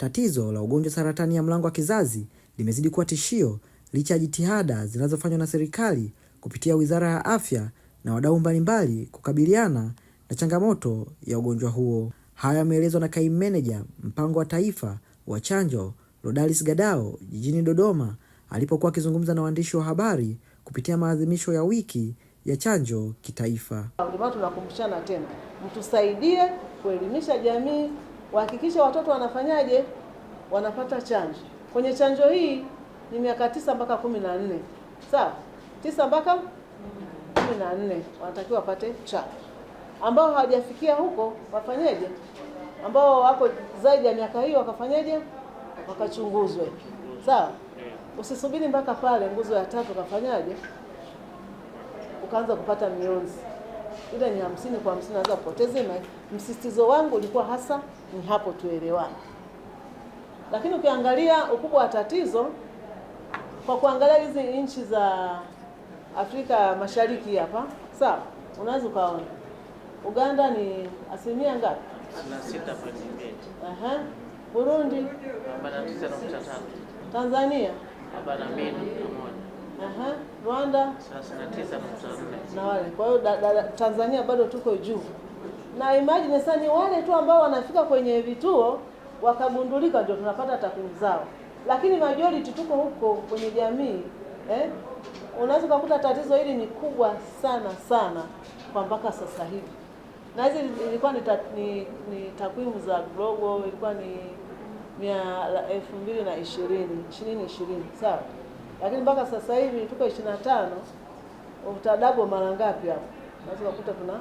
Tatizo la ugonjwa saratani ya mlango wa kizazi limezidi kuwa tishio licha ya jitihada zinazofanywa na serikali kupitia Wizara ya Afya na wadau mbalimbali kukabiliana na changamoto ya ugonjwa huo. Hayo yameelezwa na Kaimu Meneja Mpango wa Taifa wa Chanjo, Rodalis Gadao jijini Dodoma alipokuwa akizungumza na waandishi wa habari kupitia maadhimisho ya wiki ya chanjo kitaifa. tunakumbushana tena, mtusaidie kuelimisha jamii, wahakikishe watoto wanafanyaje wanapata chanjo. Kwenye chanjo hii ni miaka tisa mpaka kumi na nne sawa, tisa mpaka kumi na nne wanatakiwa wapate chanjo. Ambao hawajafikia huko wafanyeje? Ambao wako zaidi ya miaka hiyo wakafanyeje? Wakachunguzwe, sawa. Usisubiri mpaka pale nguzo ya tatu ukafanyaje, ukaanza kupata mionzi ile ni hamsini kwa hamsini, naweza kupoteza. Msisitizo wangu ulikuwa hasa ni hapo, tuelewane. Lakini ukiangalia ukubwa wa tatizo kwa kuangalia hizi nchi za Afrika Mashariki hapa, sawa, unaweza ukaona Uganda ni asilimia ngapi? Aha. Burundi, Tanzania, Rwanda na wale. Kwa hiyo Tanzania bado tuko juu, na imagine sasa ni wale tu ambao wanafika kwenye vituo wakagundulika, ndio tunapata takwimu zao, lakini majority tuko huko kwenye jamii eh? Unaweza ukakuta tatizo hili ni kubwa sana sana kwa mpaka sasa hivi, na hizi ilikuwa ni, ta, ni, ni takwimu za Global, ilikuwa ni mia elfu mbili na ishirini ishirini ishirini sawa, lakini mpaka sasa hivi tuko ishirini na tano utadabo mara ngapi hapo? Unaweza ukakuta tuna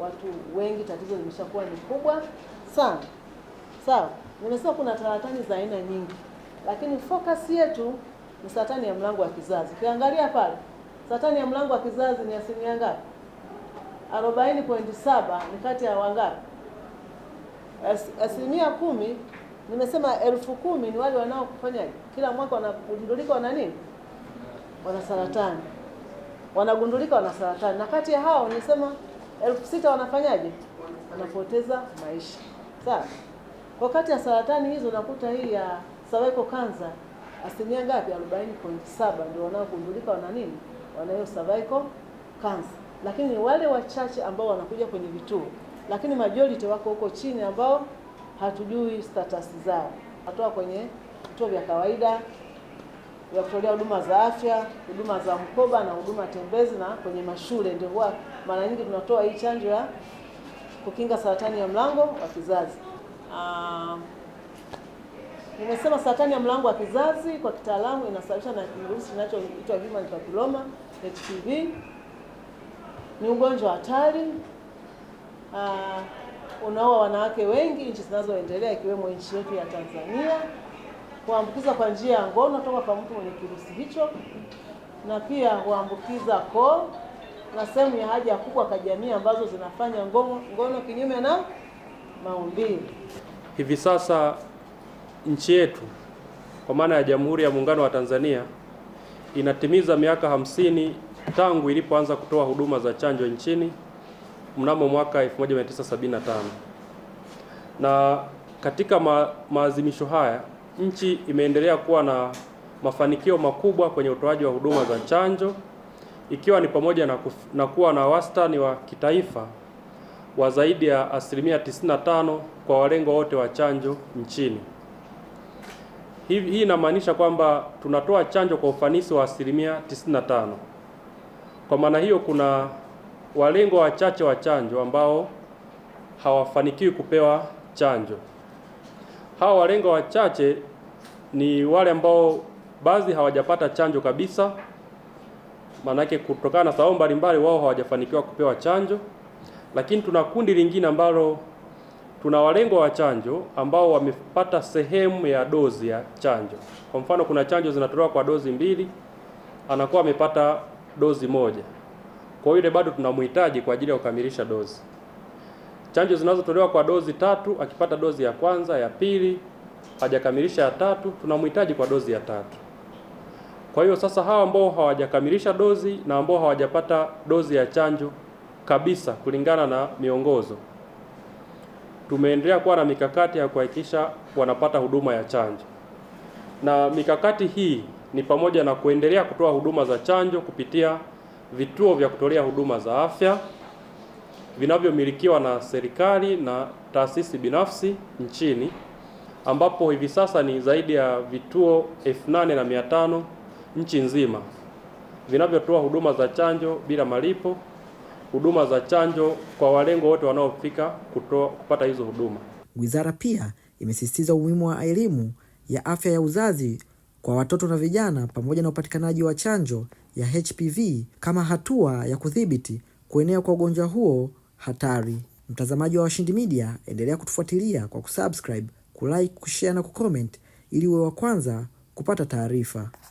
watu wengi, tatizo limeshakuwa ni kubwa sana sawa. Nimesema kuna saratani za aina nyingi, lakini focus yetu ni saratani ya mlango wa kizazi. Ukiangalia pale saratani ya mlango wa kizazi ni asilimia ngapi? 40.7 ni kati ya wangapi? Asilimia kumi. Nimesema elfu kumi ni wale wanaokufanya kila mwaka wanagundulika wana nini, wana saratani, wanagundulika wana saratani, na kati ya hao nimesema elfu sita wanafanyaje, wanapoteza maisha. Sawa. Kwa kati ya saratani hizo nakuta hii ya cervical cancer asilimia ngapi? 40.7 ndio wanaogundulika wana nini, wanayo cervical cancer, lakini ni wale wachache ambao wanakuja kwenye vituo, lakini majority wako huko chini ambao hatujui status zao. Watoa kwenye vituo vya kawaida vya kutolea huduma za afya, huduma za mkoba na huduma tembezi, na kwenye mashule ndio huwa mara nyingi tunatoa hii chanjo ya kukinga saratani ya mlango wa kizazi. Um, nimesema saratani ya mlango wa kizazi kwa kitaalamu inasababishwa na kirusi kinachoitwa human papilloma HPV. Ni ugonjwa hatari uh, unaoa wanawake wengi nchi zinazoendelea ikiwemo nchi yetu ya Tanzania. Huambukiza kwa njia ya ngono toka kwa mtu mwenye kirusi hicho, na pia huambukiza koo na sehemu ya haja kubwa kwa jamii ambazo zinafanya ngono, ngono kinyume na maumbile. Hivi sasa nchi yetu kwa maana ya Jamhuri ya Muungano wa Tanzania inatimiza miaka hamsini tangu ilipoanza kutoa huduma za chanjo nchini mnamo mwaka 1975 na katika ma maazimisho haya nchi imeendelea kuwa na mafanikio makubwa kwenye utoaji wa huduma za chanjo ikiwa ni pamoja na, na kuwa na wastani wa kitaifa wa zaidi ya asilimia 95 kwa walengwa wote wa chanjo nchini. Hii inamaanisha kwamba tunatoa chanjo kwa ufanisi wa asilimia 95. Kwa maana hiyo, kuna walengwa wachache wa chanjo ambao hawafanikiwi kupewa chanjo. Hawa walengwa wachache ni wale ambao baadhi hawajapata chanjo kabisa, maanake kutokana na sababu mbalimbali wao hawajafanikiwa kupewa chanjo. Lakini tuna kundi lingine ambalo tuna walengwa wa chanjo ambao wamepata sehemu ya dozi ya chanjo. Kwa mfano, kuna chanjo zinatolewa kwa dozi mbili, anakuwa amepata dozi moja, kwa hiyo yule bado tunamhitaji kwa ajili ya kukamilisha dozi. Chanjo zinazotolewa kwa dozi tatu, akipata dozi ya kwanza, ya pili, hajakamilisha ya tatu, tunamhitaji kwa dozi ya tatu. Kwa hiyo sasa hawa ambao hawajakamilisha dozi na ambao hawajapata dozi ya chanjo kabisa kulingana na miongozo. Tumeendelea kuwa na mikakati ya kuhakikisha wanapata huduma ya chanjo, na mikakati hii ni pamoja na kuendelea kutoa huduma za chanjo kupitia vituo vya kutolea huduma za afya vinavyomilikiwa na serikali na taasisi binafsi nchini ambapo hivi sasa ni zaidi ya vituo elfu nane na mia tano nchi nzima vinavyotoa huduma za chanjo bila malipo huduma za chanjo kwa walengo wote wanaofika kutoa kupata hizo huduma. Wizara pia imesisitiza umuhimu wa elimu ya afya ya uzazi kwa watoto na vijana pamoja na upatikanaji wa chanjo ya HPV kama hatua ya kudhibiti kuenea kwa ugonjwa huo hatari. Mtazamaji wa Washindi Media, endelea kutufuatilia kwa kusubscribe, kulike, kushare na kucomment ili uwe wa kwanza kupata taarifa.